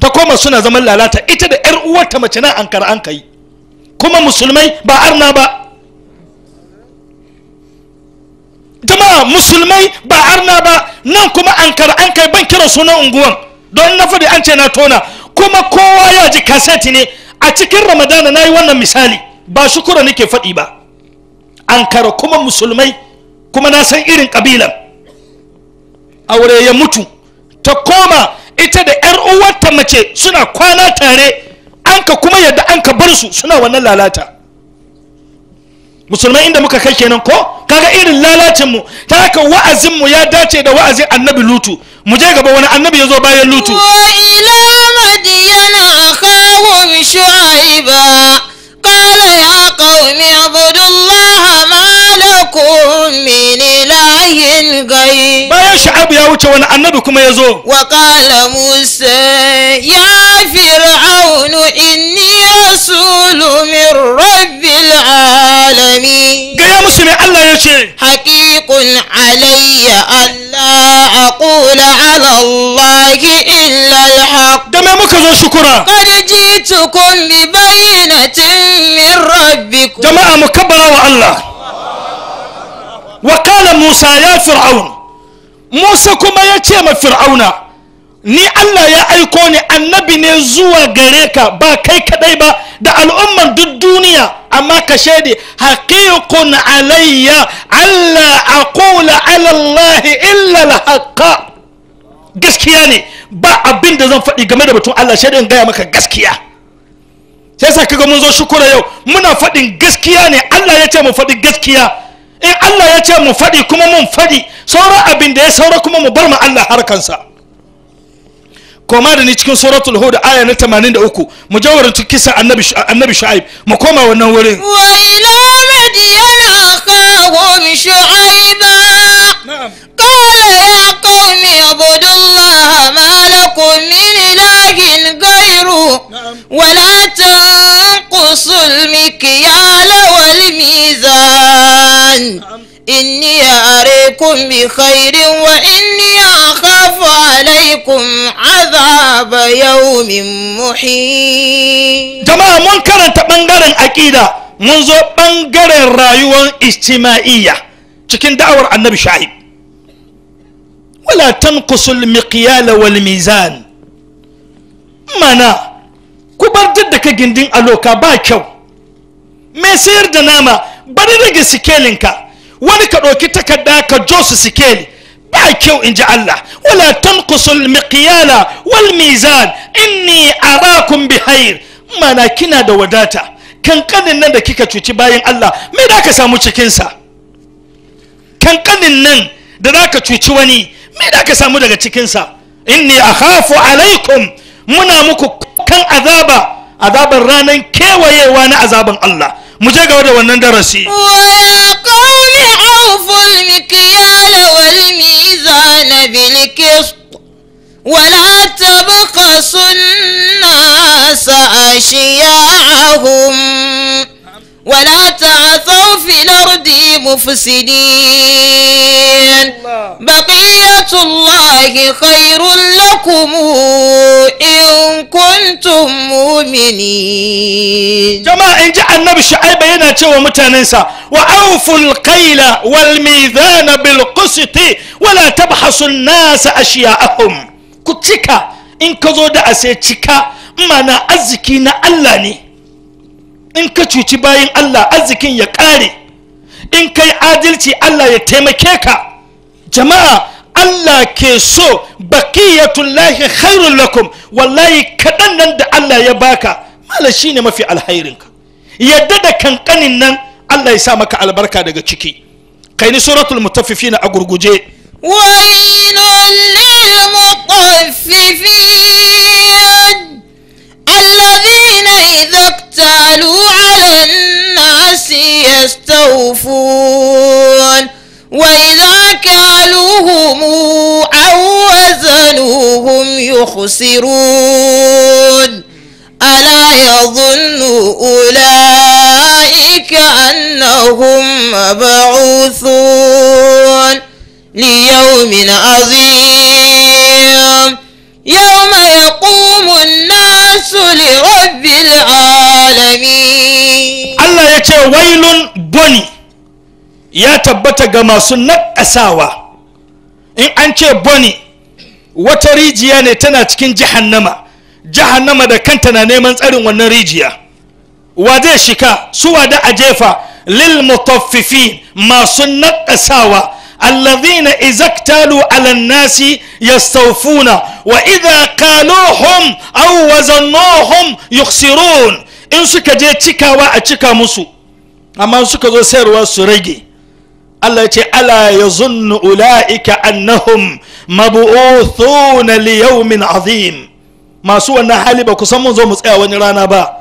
ta koma suna zaman lalata ita da yar uwarta mace na ankara an kai kuma musulmai ba arna ba jama'a musulmai ba arna ba nan kuma ankara an kai ban kira sunan unguwan don na faɗi an ce na tona kuma kowa ya ji kaseti ne a cikin ramadana na yi wannan misali ba shukura nake faɗi ba ankara kuma musulmai kuma na san irin ƙabilan aure ya mutu ta koma ita da uwarta mace suna kwana tare an ka kuma yadda an ka bar su suna wannan lalata musulmai inda muka kai kenan ko kaga irin lalacin mu ta haka wa'azin mu ya dace da wa'azin annabi lutu mu je gaba wani annabi ya zo bayan lutu wa ila madiyana akhahum shu'aiba qala ya qaumi ibudullaha ma lakum min عليه بايا شعب يا وجه وانا النبي كما يزو وقال موسى يا فرعون إني رسول من رب العالمين يا مسلم الله يشي حقيق علي ألا أقول على الله إلا الحق دمامك ذو شكرا قد جئتكم ببينة من ربكم جماعة مكبرة والله wa musa ya fir'aun musa kuma ya ce ma fir'auna ni allah ya aiko ni annabi ne zuwa gare ka ba kai kadai ba da al'ummar duk duniya amma ka shaidi haqiqun alayya allah aqula ala allah illa alhaqa gaskiya ne ba abin da zan faɗi game da batun allah shaidin gaya maka gaskiya sai sa kaga mun zo shukura yau muna faɗin gaskiya ne Allah ya ce mu faɗi gaskiya in Allah ya ce mu faɗi kuma mun faɗi saura abin da ya saura kuma mu bar ma Allah harkansa koma da ni cikin suratul da aya na 83 mujawarin kisan annabi annabi shu'aib mu koma wannan wurin wa ila بخير وإني أخاف عليكم عذاب يوم محيط جماعة من كانت بنغرن أكيدا منذ بنغرن rayuwar اجتماعية cikin da'awar annabi shahid wala tanqusul miqyal wal mizan mana ku bar da ka gindin aloka ba kyau mai sayar da nama bari rage sikelinka wani ka ɗauki takarda ka jo su sikeli ba kyau in ji Allah wala tanqusul miqyala wal mizan inni arakum bihair mana kina da wadata kankanin nan da kika cuci bayan Allah me da ka samu cikinsa kankanin nan da za ka cuci wani me da ka samu daga cikinsa inni akhafu alaikum muna muku kan azaba azaban ranar kewayewa na azaban Allah مجاغوا ده wannan darasi ولا تبخسوا الناس اشياعهم ولا تعثوا في الارض مفسدين الله خير لكم إن كنتم مؤمنين جماعة إن جاء النبي شعيب هنا شو متنسى وأوفوا القيل والميزان بالقسط ولا تبحثوا الناس أشياءهم كتشكا إن كذود أسيتشكا mana arziki أزكينا Allah إن in ka الله أزكين Allah إن كي عادلتي الله يتمكيكا جماعة Allah ke so baqiyatullahi khairul lakum wallahi kadan nan da Allah ya baka mala shine mafi alkhairin ka yadda da kankanin nan Allah ya sa maka albarka daga ciki kai ni suratul mutaffifin a gurguje wailul lil mutaffifin alladhina idza يوم عظيم يوم يقوم الناس لرب العالمين الله يتي ya tabbata ga masu جما سنك أساوى إن أنت بني wata rijiya ne tana cikin jahannama jahannama da kanta na neman tsarin wannan rijiya wa zai shika suwa da a jefa lil mutaffifin masu naɗasawa الذين إذا اكتالوا على الناس يستوفون وإذا قالوهم أو وزنوهم يخسرون إن سكا جي تكا وا أتشيكا مسو أما سكا زو سير وسرقي الله يتي ألا يظن أولئك أنهم مبعوثون ليوم عظيم ما سوى النحالي سمون زومس ايه ونرانا با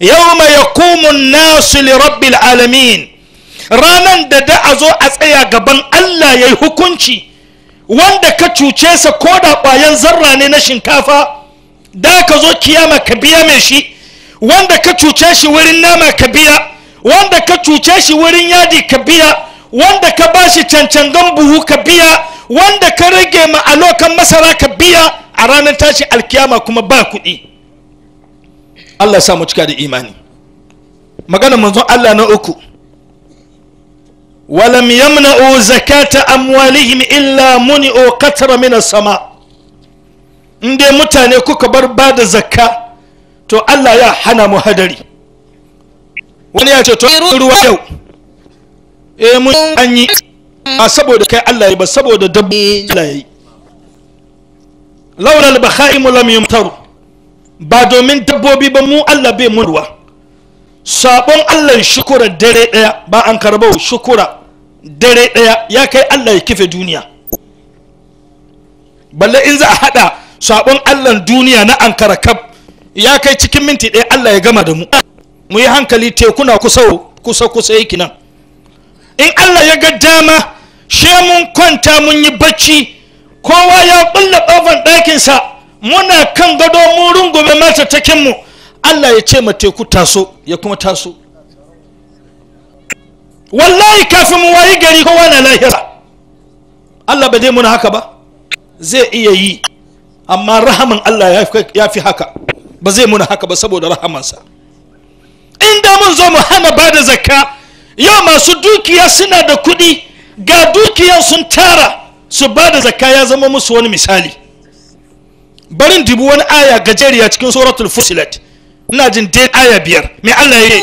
يوم يقوم الناس لرب العالمين ranan da da a zo a tsaya gaban Allah ya yi hukunci wanda ka cuce sa ko da ƙwayan zarra ne na shinkafa da ka zo kiyama ka biya mai shi wanda ka cuce shi wurin nama ka biya wanda ka cuce shi wurin yadi ka biya wanda ka ba shi cancangan buhu ka biya wanda ka rage ma alokan masara ka biya a ranar tashi alkiyama kuma ba kuɗi Allah sa mu cika da imani maganar manzon Allah na uku walam yamna'u zakata amwalihim illa muni'u qatra min sama Inde mutane kuka bar bada zakka to Allah ya hana mu hadari wani ya ce to ruwa yau eh mun an yi ba saboda kai Allah ya ba saboda dabbobi Allah yayi laula al-bakhaim lam yumtaru ba domin dabbobi ba mu Allah bai mu ruwa sabon allah shukura dare daya ba an karbo shukura dare daya ya kai allah ya kife duniya balle in za a hada sabon allah duniya na ankara kab ya kai cikin minti daya allah ya gama da mu mu yi hankali tekuna kusa kusa kusa yake nan in allah ya ga dama she mun kwanta mun yi bacci kowa ya bulla kofar ɗakinsa muna kan gado mu rungume mata mu Allah ya ce ma teku taso ya kuma taso wallahi kafin mu wayi gari kowa na lahira Allah ba zai muna haka ba zai iya yi amma rahaman Allah ya fi haka ba zai muna haka ba saboda rahamansa inda mun zo mu hana ba da zakka yau masu dukiya suna da kuɗi ga dukiyar sun tara su ba da zakka ya zama musu wani misali barin dubu wani aya gajeriya cikin suratul fusilat ina jin dai aya biyar mai Allah ya yi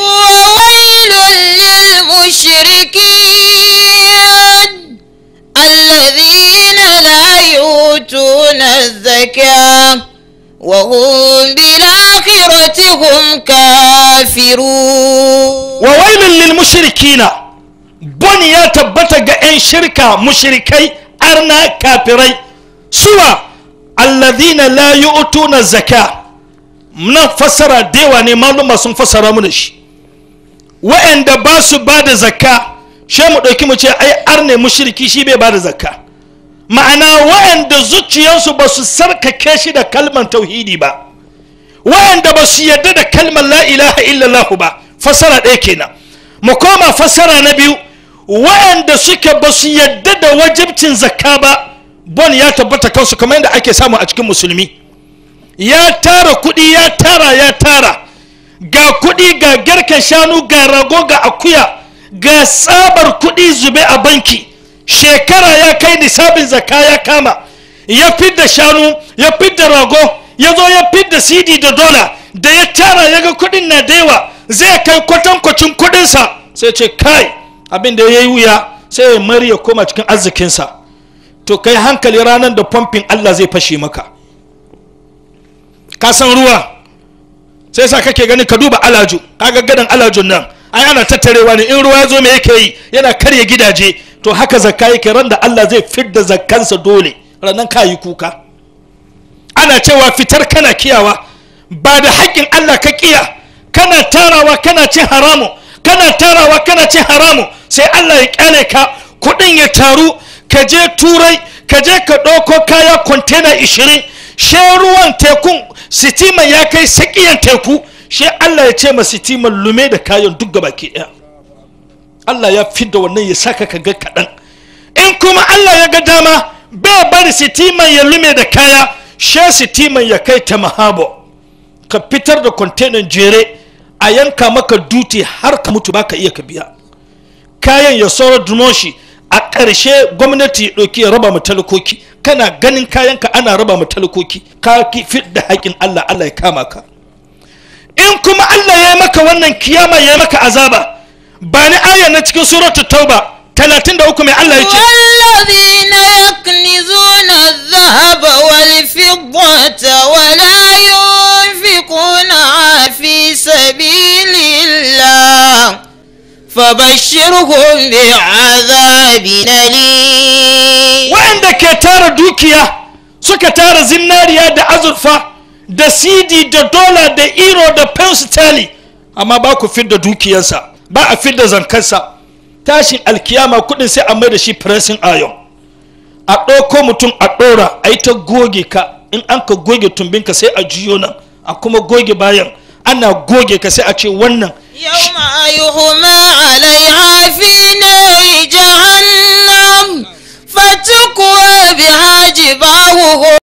lil mushrikin alladhina la yutuna وهم بالآخرة هم كافرون وويل للمشركين بني يا تبتا إن شركة مشركي أرنا كافري سوى الذين لا يؤتون الزكاة nan fassara yawa ne maluma sun fassara mu da shi wa'anda ba su ba da zakka shi mu ɗauki mu ce ai ar arne shirki shi bai ba da zakka ma'ana wa'anda zuciyarsu ba su sarkake shi da kalmar tauhidi ba wa'anda ba su yarda da kalmar la ilaha illallah ba fassara ɗaya kenan mu koma fassara na biyu wa'anda suke ba su yadda da wajibcin zakka ba bon ya tabbata kansu kamar yadda ake samu a cikin musulmi ya tara kuɗi ya tara ya tara ga kuɗi ga garka shanu ga rago ga akuya ga tsabar kuɗi zube a banki shekara ya kai nisabin zaka ya kama ya fidda shanu ya fidda rago ya zo ya fidda cd da dola da ya tara ya ga kuɗin na da yawa zai kai kwatankwacin kuɗinsa sai ce kai abin da ya yi wuya sai ya mari ya koma cikin arzikinsa to kai hankali ranar da famfin allah zai fashe maka ka san ruwa sai sa kake ganin ka duba ka kaga gadan alajun nan ai ana tattarewa ne in ruwa ya zo me yake yi yana karya gidaje to haka zakka yake ran da Allah zai fidda zakkansa dole ranan ka yi kuka ana cewa fitar kana kiyawa ba da hakkin Allah ka kiya kana tarawa kana cin haramu kana tarawa kana cin haramu sai Allah ya kyale ka kuɗin ya taru ka je turai ka je ka ɗauko kaya kwantena ishirin shan ruwan tekun sitiman ya kai sakiyan teku shi Allah ya ce ma sitiman lume da kayan duk gaba ke ɗaya Allah ya fi da wannan ya saka ka ga kaɗan in kuma Allah ya ga dama bai bari sitiman ya lume da kaya shi sitiman ya kai ta mahabo ka fitar da kwantenan jere a yanka maka duti har ka mutu baka iya ka biya kayan ya saurar dumoshi a ƙarshe gwamnati ya ɗauki ya raba mu talakoki kana ganin kayanka ana raba mu talakoki ka ki fidda haƙin Allah Allah ya kama ka in kuma Allah ya maka wannan kiyama ya maka azaba ba ni aya na cikin suratul tauba 33 mai Allah ya wallazina yaknizuna adh-dhahaba wal-fiddata wa la yunfiquna fi sabilillah fabashshirhum bi'adhabin alim waɗanda ke tara dukiya suka tara zinariya da azurfa da sidi da dola da euro da pensitali tali amma ba ku fidda dukiyarsa ba a fidda zankarsa tashin alkiyama kudin sai a mai da shi pressing ayon a ɗauko mutum a ɗora a yi ta goge ka in an ka goge tumbinka sai a juyo nan a kuma goge bayan ana goge ka sai a ce wannan yau yawma ayuhuma alaiha fi nari jahannam Fatu ẹbí hajj báwo.